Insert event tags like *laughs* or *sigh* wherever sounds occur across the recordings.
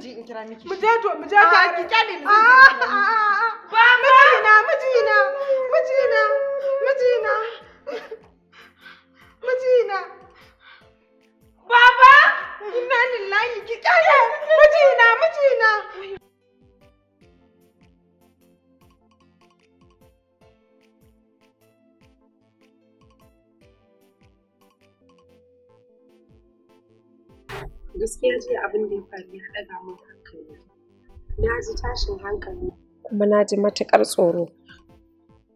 zan je in kira miki. Mu je to mu je ta ki kyale ni. gaskiya jiya abin da ya faru ya ɗaga mun hankali na ji tashin hankali kuma na ji matuƙar tsoro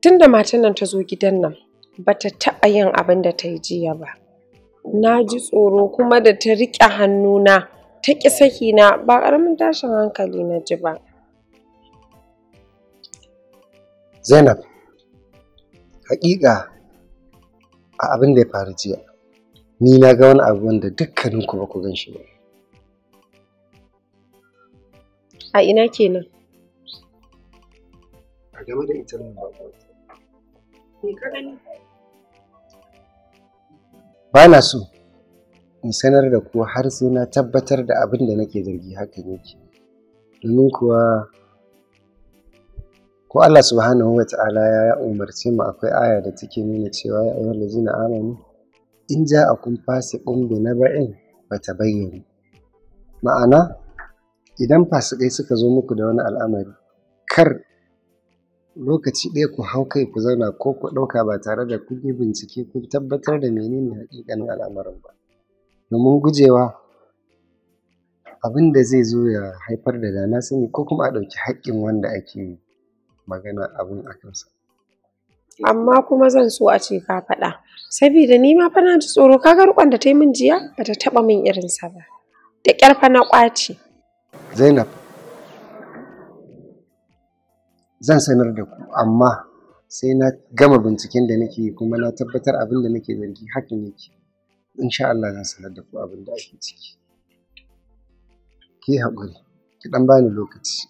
tunda matan nan ta zo gidan nan bata taɓa yin abin da ta yi jiya ba na ji tsoro kuma da ta riƙe hannuna ta ƙi sakina ba ƙaramin tashin hankali na ji ba zainab haƙiƙa a abin da ya faru jiya ni na ga wani abu wanda dukkaninku ba ku gan shi ba a ina kenan a game da ita nan ba ba na so in sanar da ku har sai na tabbatar da abin da nake zargi hakan yake domin kuwa ko Allah subhanahu wa ta'ala ya umarce mu akwai aya da take nuna cewa ya ayyuhal ladzina amanu in a na ja ba'in ba ta bayyana ma'ana idan fasikai suka zo muku da wani al'amari kar lokaci ɗaya ku hau kai ku zauna ko ku ɗauka ba tare da kun yi bincike ku tabbatar da menene haƙiƙanin al'amarin ba domin gujewa abin da zai zo ya haifar da dana sani ko kuma a ɗauki haƙƙin wanda ake magana abin a kansa amma kuma zan so a ce ka faɗa saboda ni ma fa na ji tsoro ka ga rukon da ta yi min jiya ba ta taɓa min irinsa ba da ƙyar fa na ƙwace Zainab zan sanar da ku amma sai na gama binciken da nake kuma na tabbatar abin da nake zargi hakan yake insha Allah zan sanar da ku abin da ake ciki ki haƙuri ki ɗan bani lokaci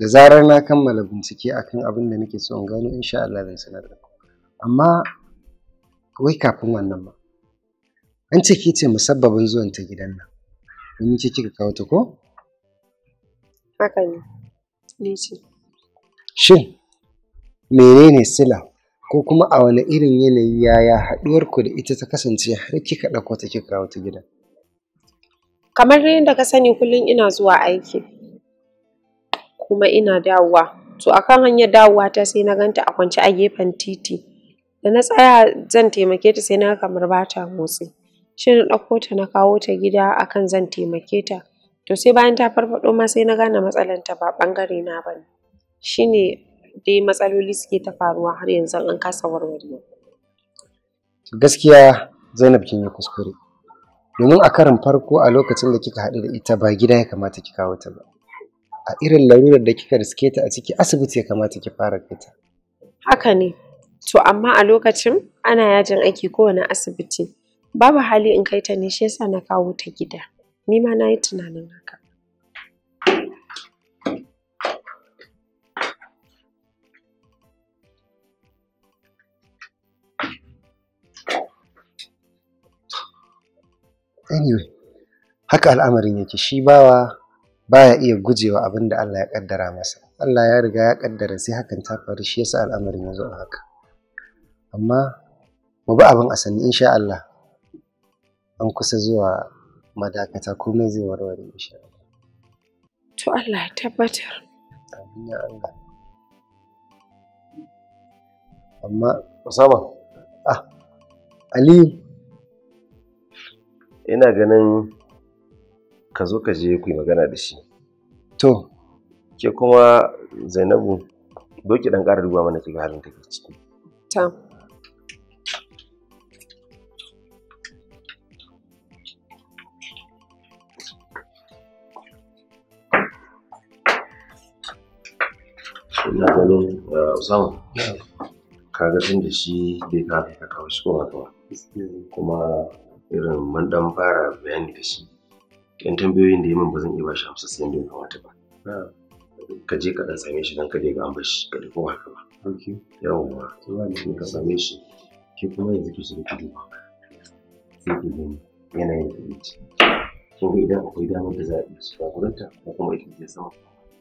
da zarar na kammala bincike akan abin da nake so in gano insha Allah zan sanar da ku amma wai kafin wannan ma an ce ki ce musabbabin zuwan ta gidan nan domin ce kika kawo ta ko haka ne ce shin menene sila ko kuma a wani irin yanayi yaya haɗuwar ku da ita ta kasance har kika dauko ta kika kawo ta gidan kamar yadda ka sani kullum ina zuwa aiki kuma ina dawowa to akan hanyar dawowa ta sai na ganta a kwance a gefen titi da na tsaya zan taimake ta sai na kamar ba ta motsi shi na ɗauko ta na kawo ta gida akan zan taimake ta to sai bayan ta farfaɗo ma sai na gane ta ba ɓangare na ba ne shi ne dai matsaloli suke ta faruwa har yanzu an kasa warwarewa gaskiya zainab kin yi kuskure domin a karin farko a lokacin da kika haɗu da ita ba gida ya kamata ki kawo ta ba a irin larurar da kika riske ta a ciki asibiti ya kamata ki fara kai ta haka ne to amma a lokacin ana yajin aiki kowane asibiti babu hali in kai ta ne shi yasa na kawo ta gida ni ma na yi tunanin haka anyway haka al'amarin yake shi bawa baya iya gujewa abin da Allah ya kaddara masa Allah ya riga ya kaddara sai hakan ta faru shi yasa al'amarin ya zo haka amma mu bi abin asani in insha Allah an kusa zuwa madakata komai zai warware insha Allah to Allah ya tabbatar amin ya Allah amma Usama ah Ali ina ganin ka zo ka je ku yi magana da shi to ke kuma Zainabu doki dan ƙara duba mana kiga halin take ciki ta Usama. Ka ga tun da shi bai ka ka kawo shi kuma kawa. Kuma irin man dan fara bayani da shi. Yan tambayoyin da ya min ba zan iya bashi shi amsa sai yadda ya kamata ba. Ka je ka dan same shi dan ka je ga an bashi ka dafa haka ba. Yawwa. Ka same shi. Ke kuma yanzu ki shiga ki duba. Sai ki gani yanayin da ce. Kin ga idan akwai damar da za a iya shiga gurinta ko kuma ita ke sama.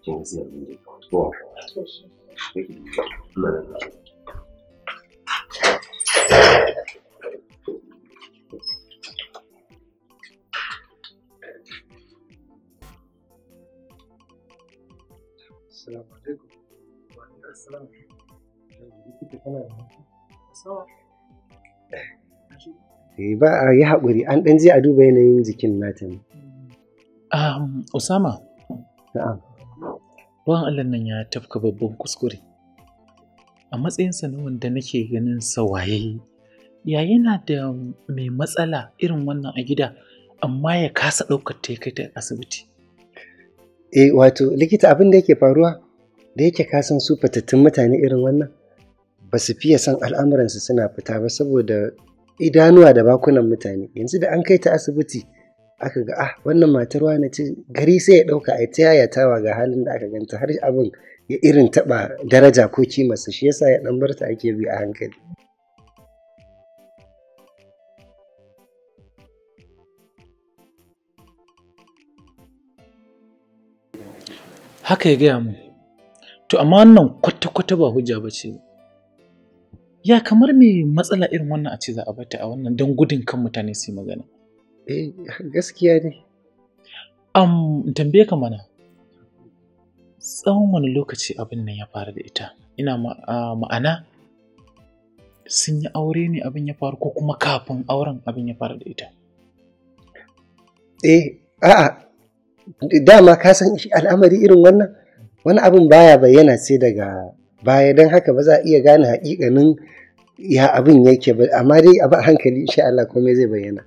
Kin ga sai abin da ya kamata. Kowa. Assalamu ba yi haƙuri an ɗan je a duba yanayin jikin nata ne. Um, Usama. bawan Allah nan ya tafka babban kuskure a matsayinsa na wanda nake ganin sawaye ya yana da mai matsala irin wannan a gida amma ya kasa ɗaukar ta kai ta asibiti eh wato likita abin da yake faruwa da yake kasan su fatattun mutane irin wannan ba su fiye son al'amuransu suna fita ba saboda idanuwa da bakunan mutane yanzu da an kai ta asibiti aka ga ah wannan matar wani ce gari sai ya ɗauka a ta yaya tawa ga halin da aka ganta har abin ya irin taɓa daraja ko kimarsa shi yasa ya ɗan barta ake bi a hankali. Haka ya gaya mu, to amma wannan kwata-kwata ba hujja ba ce. Ya kamar me matsala irin wannan a ce za a bata a wannan don gudun kan mutane su yi magana. Eh, gaskiya ne. Am, tambaye ka mana. Tsawon wani lokaci abin nan ya faru da ita? Ina ma'ana sun yi aure ne abin ya faru ko kuma kafin auren abin ya faru da ita? Eh, a'a, dama ka san al'amari irin wannan wani abin baya bayyana sai daga baya don haka ba za a iya gane haƙiƙanin ya abin yake ba amma dai a ba hankali insha Allah komai zai bayyana.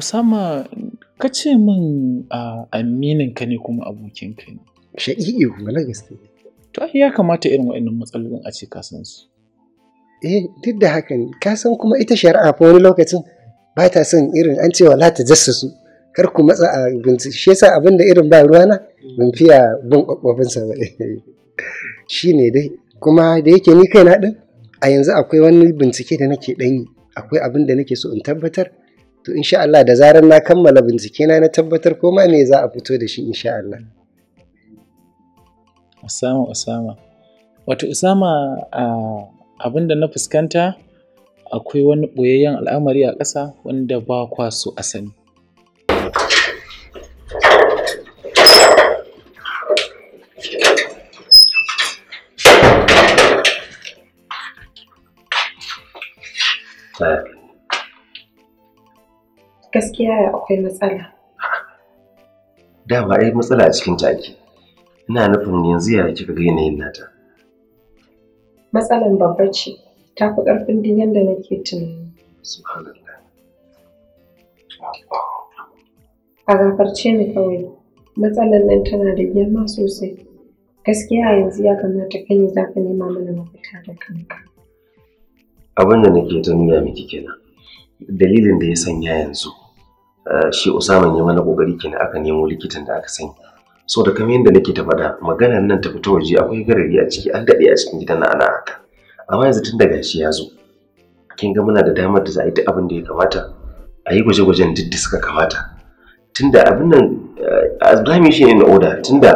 Usama ka ce min aminin ka ne kuma abokin ka ne. Sha'i'i kuma na gaske. To ya kamata irin waɗannan matsalolin a ce ka san su. Eh duk da haka ne ka san kuma ita shari'a fa wani lokacin ba ta son irin an cewa la ta su kar ku matsa a bincike shi yasa abin da irin ba ruwa na mun fiya bin kwakwabinsa ba *laughs* shi ne dai kuma da yake ni kai na ɗin a yanzu akwai wani bincike da nake ɗanyi akwai abin da nake so in tabbatar to insha Allah da zarar na kammala bincike na na tabbatar koma ne za a fito da shi insha Allah Usama Usama wato Usama abinda na fuskanta akwai wani boyayyen al'amari a ƙasa wanda ba kwa so a sani Uh, Gaskiya akwai matsala. Dama ai matsala a cikin take. Ina nufin yanzu ya kika ga yanayin nata. Matsalan babba ce, ta fi ƙarfin din yadda nake tunani. A gafarce ni kawai, matsalan nan tana da girma sosai. Gaskiya yanzu ya kamata kai za ka nema mana mafita da kanka. Abinda da nake ta nuna miki kenan. Dalilin da ya sanya yanzu Eh, shi Usama ne mana kokari kenan aka nemo likitan da aka sani so da kamar yadda nake ta faɗa maganar nan ta fita waje akwai garari a ciki an daɗe a cikin gidan na ana haka amma yanzu tun daga shi ya zo kin ga muna da damar da za a yi duk abin da ya kamata a yi gwaje-gwajen duk da suka kamata tunda abin nan eh, azami shi ne oda tunda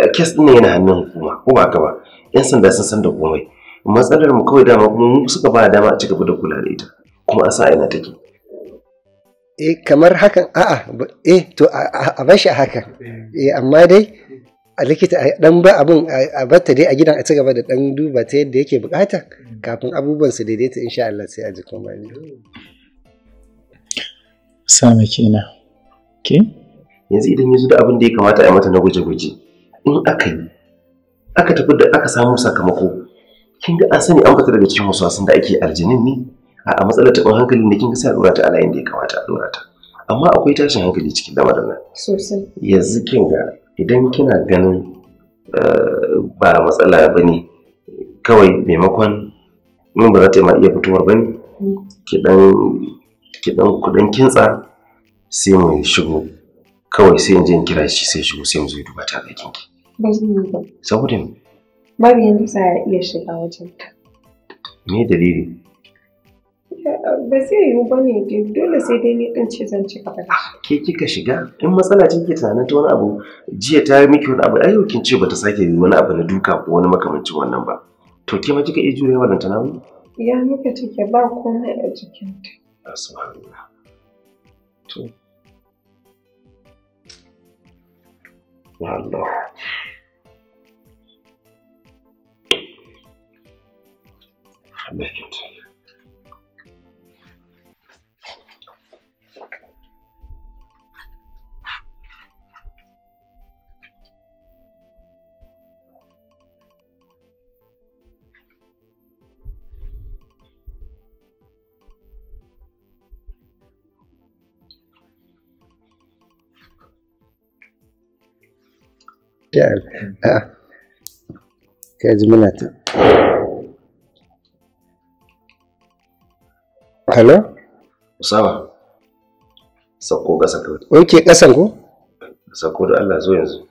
eh, kes din yana hannun hukuma ko ba ka ba yan sanda sun san da komai matsalar mu kawai dama kuma mu suka ba dama a ci gaba da kula da ita kuma a sa ina take eh kamar hakan a'a eh to a bashi shi a hakan eh amma dai a likita a dan ba abin a batta dai a gidan a ci gaba da dan duba ta yadda yake bukata kafin abubuwan su daidaita insha Allah sai a ji kuma sama kina ke yanzu idan yanzu da abin da ya kamata a mata na guje-guje in aka yi aka tafi da aka samu sakamako kin ga an sani an fita daga cikin wasu da ake aljinin ne a matsalar taɓin hankali ne kin ga sai a ta a layin da ya kamata a dora ta amma akwai tashin hankali cikin lamarin nan sosai yanzu kin ga idan kina ganin eh, ba matsala ba ne kawai maimakon in ba za ta ma iya fitowa ba ne ki dan kudan kintsa sai mu shigo kawai sai in je in kira shi sai shigo sai mu zo duba ta ga kinki ba zai yi ba saboda babu yanda za a iya shiga wajen ta me dalilin. ba zai yiwu ba ne dole sai dai ni din ce zan ci gaba ke kika shiga in matsala ce kike tunanin ta wani abu jiya ta miki wani abu ai yau kin ce bata sake yi wani abu na duka ko wani makamancin wannan ba to ke ma kika iya jure wannan tunanin ya muka take ba komai a jikinta subhanallah to ya Allah Make it. ka ji muna ta hello Usama, sauko ƙasa kawai. Wanke ƙasan ko? Sauko da Allah zo yanzu.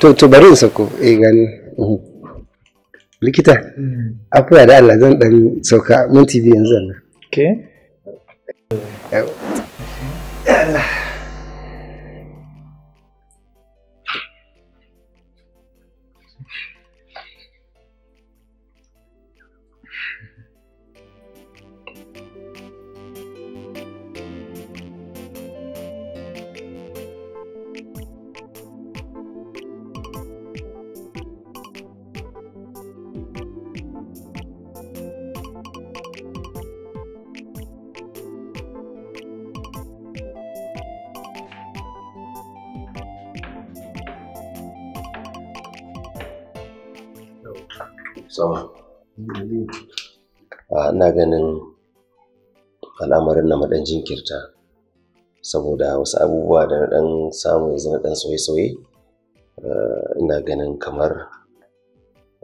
To, bari eh, gani. Mhm. Likita, afuwa da Allah zan ɗan sauka minti biyu yanzu nan. Ke? Allah. wannan mu jinkirta saboda wasu abubuwa da na ɗan samu yanzu na dan soye-soye eh, ina ganin kamar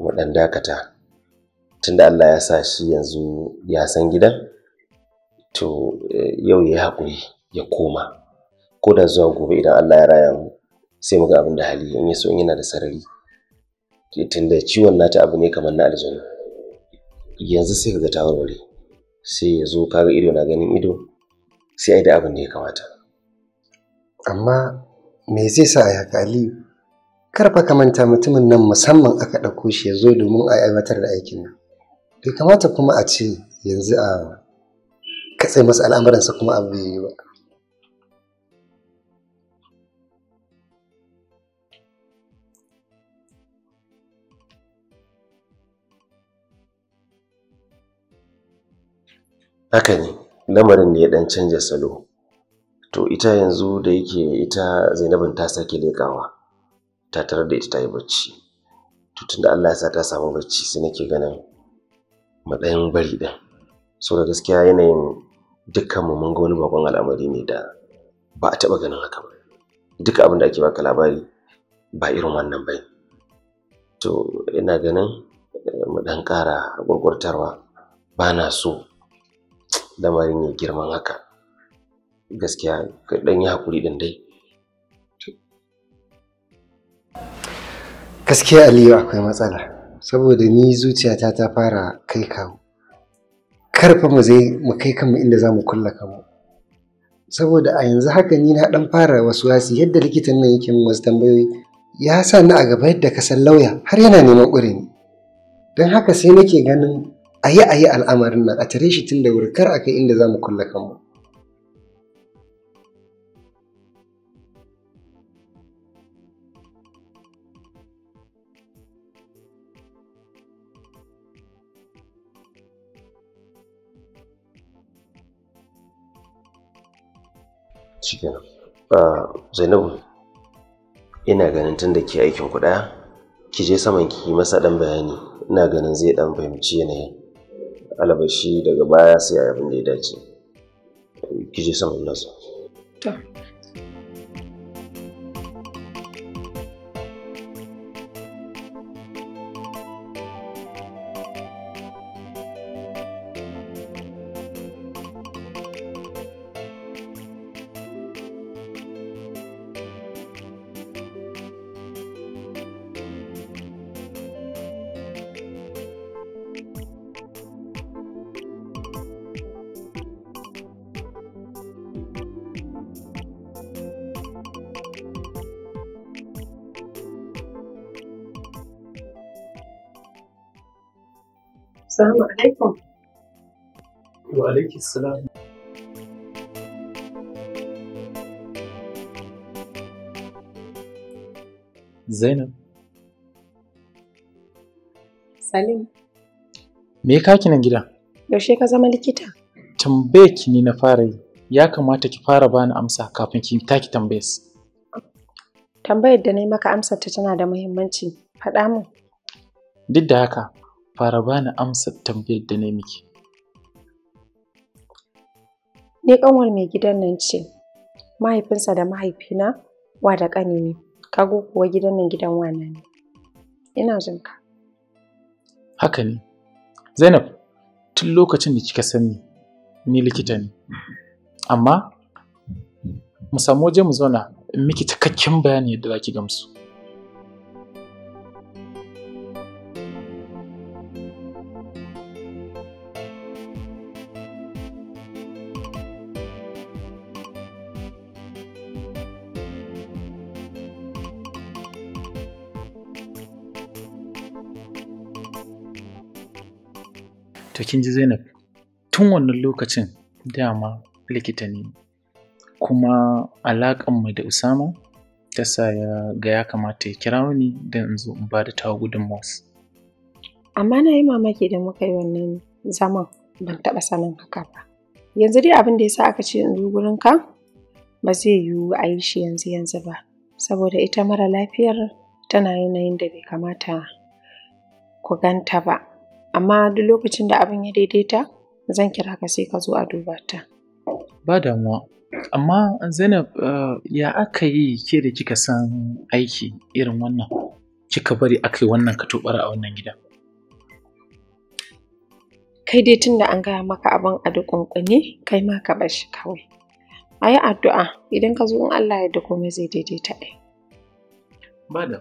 mu dan dakata tunda Allah ya sa shi yanzu ya san gidan to eh, yau ya haƙuri ya koma ko da zuwa gobe idan Allah ya raya mu sai muga abin da hali in yaso in yana da sarari tunda ciwon nata abu ne kamar na aljanu yanzu sai ka ga ta warware sai ya zo kaga ido na ganin ido sai ai da abin da ya kamata amma me zai sa ya kali karfa ka manta mutumin nan musamman aka ɗauko shi ya zo domin a aiwatar da aikin nan bai kamata kuma a ce yanzu a katse masa al'amuransa kuma abu ya yi ba haka ne lamarin ne ya dan canja salo to ita yanzu da yake ita zainabin ta sake lekawa ta tarar da ita ta yi bacci to tunda Allah ya sa ta samu bacci sai nake ganin matsayin bari din so da gaskiya yanayin dukkan mu mun ga wani bakon al'amari ne da ba a taɓa ganin haka ba duka abin da ake baka labari ba irin wannan ba to ina ganin eh, mu ɗan ƙara gurgurtarwa ba na so lamarin ya girman haka gaskiya ka yi hakuri din dai gaskiya aliyu akwai matsala saboda ni zuciyata ta fara kai kawo karfa mu zai mu kai kanmu inda zamu mu kamu. saboda a yanzu haka ni na dan fara wasu wasi yadda likitan nan yake min wasu tambayoyi ya sa ni a gaba yadda ka san lauya har yana neman ƙuri dan don haka sai nake ganin a yi a yi al'amarin nan a tare shi tun da wuri kar a kai inda za mu kulla kanmu. Cikin ah, Zainabu, ina ganin tun da ke aikin kuɗa, ki je saman ki masa ɗan bayani, ina ganin zai ɗan fahimci yanayin. alabashi daga baya sai a abin da ya dace kije saman nasa Assalamu Wa Zainab. Me ya kaki nan gida? Yaushe ka zama likita? Tambaye ki ni na fara yi. Ya kamata ki fara bani amsa kafin ki taki tambayas. Tambayar da na yi maka amsar ta tana da muhimmanci. Faɗa min. Duk da haka, fara bani amsa tambayar da na miki. Ni ƙanwar mai gidan nan ce, mahaifinsa da mahaifina wa da ƙani ne, kago kuwa gidan nan gidan wana ne. Ina jin Haka ne, Zainab, tun lokacin da kika sani ni likita ne, amma mu samu waje mu zauna in miki cikakken bayani yadda za ki gamsu. To kin ji Zainab tun wannan lokacin dama likita ne kuma mu da Usama ta sa ya ga ya kamata ya kira ni don in zo in ba da tawa gudun masu. Amma na yi mamaki da muka yi wannan zaman ban taɓa sanin haka ba. Yanzu dai abin da ya sa aka ce in zo gurin ka ba zai yiwu a yi shi yanzu yanzu ba saboda ita mara lafiyar tana yanayin da bai kamata ku ganta ba. amma duk lokacin da abin ya daidaita zan kira ka sai ka zo a duba ta. Ba damuwa. Amma Zainab eh, ya aka yi ke da kika san aiki irin wannan? Kika bari aka yi wannan ka a wannan gida? Kai dai tun da an gaya maka abin a duk dukunkune kai ma ka bar kawai. A yi addu'a idan ka zo in Allah ya da komai zai daidaita ɗai. Ba da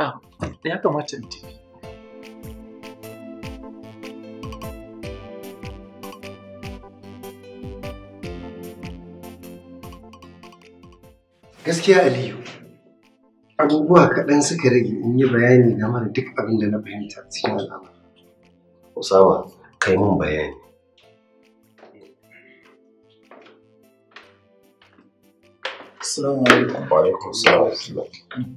abu oh, da hmm. ya kamata in tafi gaskiya aliyu abubuwa kaɗan suka rage in yi bayani game da duk abin da na fahimta cikin al'amari usama kai mun bayani Assalamu alaikum. Wa alaikum assalam. Hmm.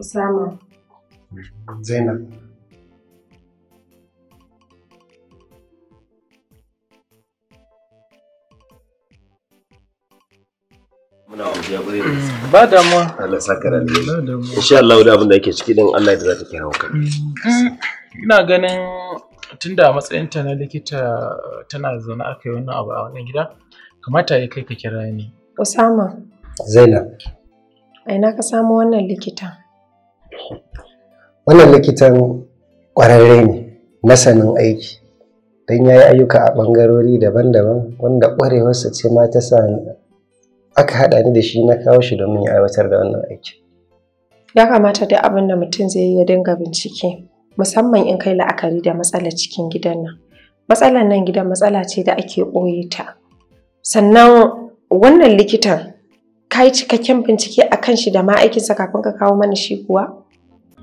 Osama. Zainab. Mm, ba ciki din Allah mm, mm, ganin tunda a matsayin ta na likita tana zaune aka wannan abu a wannan gida kamata ya kai ka kira ni Zainab a ina ka samu wannan likita wannan likitan ƙwararre ne masanin aiki don ya yi ayyuka a ɓangarori daban-daban wanda ƙwarewarsa ce ma ta sa aka haɗa ni da shi na kawo shi domin ya aiwatar da wannan aiki. Ya kamata da abin da mutum zai yi ya dinga bincike musamman in kai la'akari da matsalar cikin gidan nan. Matsalar nan gidan matsala ce da ake ɓoye ta. Sannan wannan likitan ka yi cikakken bincike a kan shi da ma'aikinsa kafin ka kawo mana shi kuwa?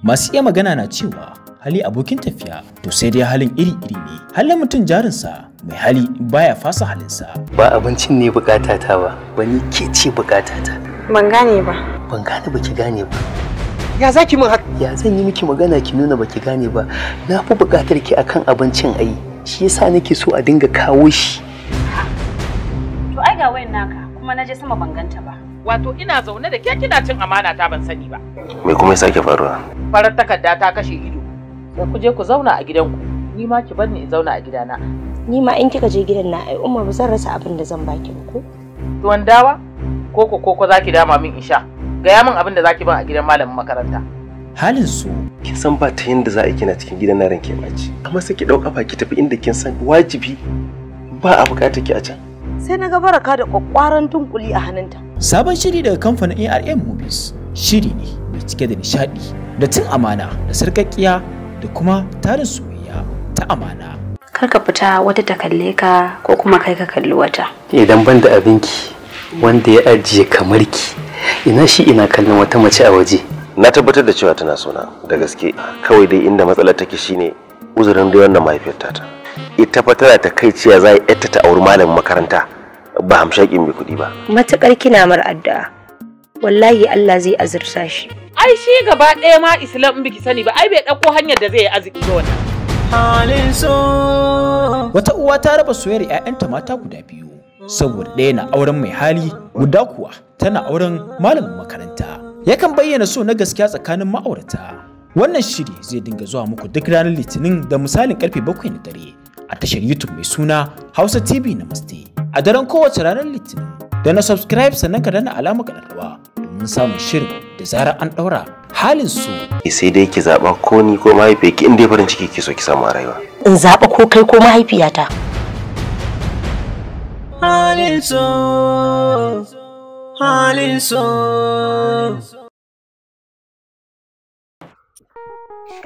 Masu iya magana na cewa hali abokin tafiya to sai dai halin iri-iri ne. Halin mutum jarinsa mai hali baya fasa halinsa. Ba abincin ne ta ba, wani ke ce ta? Ban gane ba. Ban gane ba ki gane ba. Ya za ki min haka? Ya zan yi miki magana ki nuna ba ki gane ba. Na fi bukatar ki akan abincin ai. Shi yasa nake so a dinga kawo shi. To ai ga wayan naka kuma na je sama ban ganta ba. Wato ina zaune da ke kina cin amana ta ban sani ba. Me kuma ya sake faruwa? Farar takarda ta kashe ido. Sai ku je ku zauna a gidanku. Ni ma ki bar ni in zauna a gidana. Ni ma in kika je gidan na ai Umar zan rasa abin da zan baki ba ko? Tuwon dawa? Koko za zaki dama min in sha. Gaya min abin da zaki ban a gidan malamin makaranta. halin su kin san ba ta yanda za a kina cikin gidan na ranke ɓaci Kuma sai ki dauka ba ki tafi inda kin san wajibi ba a bukata ki a can sai na ga baraka da kwakwaran tunkuli a hannunta. Sabon shiri daga kamfanin ARM Movies shiri ne mai cike da nishadi da cin amana da sarkakkiya da kuma tarin soyayya ta amana. Kar ka fita wata ta kalle ka ko kuma kai ka kalli wata. Idan ban da abinki wanda ya ajiye kamar ki ina shi ina kallon wata mace a waje. Na tabbatar da cewa tana sona da gaske kawai dai inda matsalar take shine uzurin da wannan mahaifiyar ta ita fa tana ta kai ciya za a ta auri malamin makaranta ba hamshakin mai kuɗi ba matukar kina mar addu'a wallahi Allah zai azurta shi ai shi gaba ɗaya ma islam in biki sani ba ai bai ɗauko hanyar da zai yi arziki ga wannan halin so wata uwa ta raba soyayyar 'ya'yanta mata guda biyu saboda ɗaya na auren mai hali guda kuwa tana auren malamin makaranta yakan bayyana so na gaskiya tsakanin ma'aurata wannan shiri zai dinga zuwa muku duk ranar litinin da misalin karfe bakwai na dare a tashar youtube mai suna hausa tv na namaste a daren kowace ranar Litinin. Da na subscribe sannan ka dana ka dalawa domin samun shirin da zarar an ɗaura halin su. Eh, sai dai ki zaɓa ko ni ko mahaifiyarki in dai farin ciki ki so ki samu a rayuwa. In zaɓa ko kai ko mahaifiyata. Halin su halin su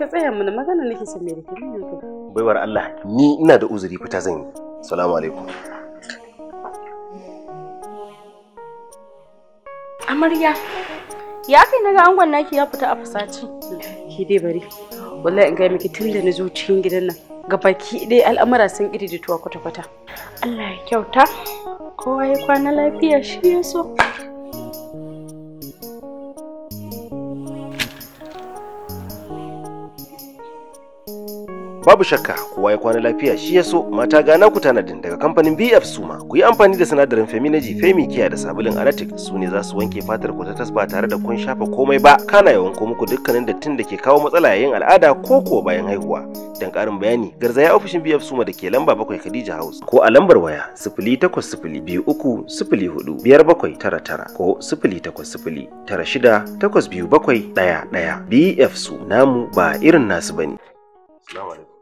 ka tsaya mana magana nake son me da kai baiwar Allah ni ina da uzuri fita zan yi assalamu alaikum Amarya. Ya kai na ga angon naki ya fita a fasaci. Ki dai bari. Wallahi in ga miki tun da na zo cikin gidan nan. Ga baki dai al'amura sun iri tuwa kwata-kwata. Allah ya kyauta. Kowa ya kwana lafiya shi ya so. babu shakka kowa ya kwana lafiya shi ya so mata gana ku tanadin daga kamfanin BF Suma ku yi amfani da sinadarin Feminagy Femi Kiya da sabulin Anatic su ne za su wanke fatar ku ta tasba tare da kun shafa komai ba kana yawan ko muku dukkanin dattin da ke kawo matsala yayin al'ada ko kuwa bayan haihuwa dan karin bayani garzaya ofishin BF Suma da ke lamba bakwai Khadija House ko a lambar waya tara tara ko tara shida takwas biyu bakwai ɗaya ɗaya BF Suma namu ba irin nasu bane. Assalamu alaikum.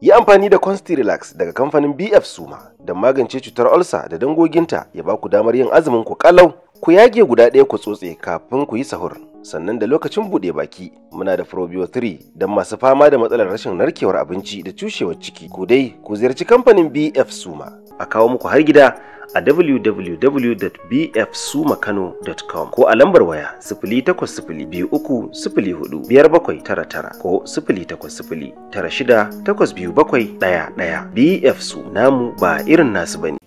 Yi amfani da Relax daga kamfanin BF Suma don magance cutar olsa da dangoginta ya ba ku damar yin azumin ku kalau. Ku yage guda ɗaya ku tsotse kafin ku yi sahur, sannan da lokacin buɗe baki muna da Probio 3 don masu fama da matsalar rashin narkewar abinci da cushewar ciki. Ku dai ku ziyarci kamfanin BF Suma a kawo muku har gida a www.bfsumakano.com ko a lambar waya 08023045799 ko ɗaya. BF Su namu ba irin nasu bane.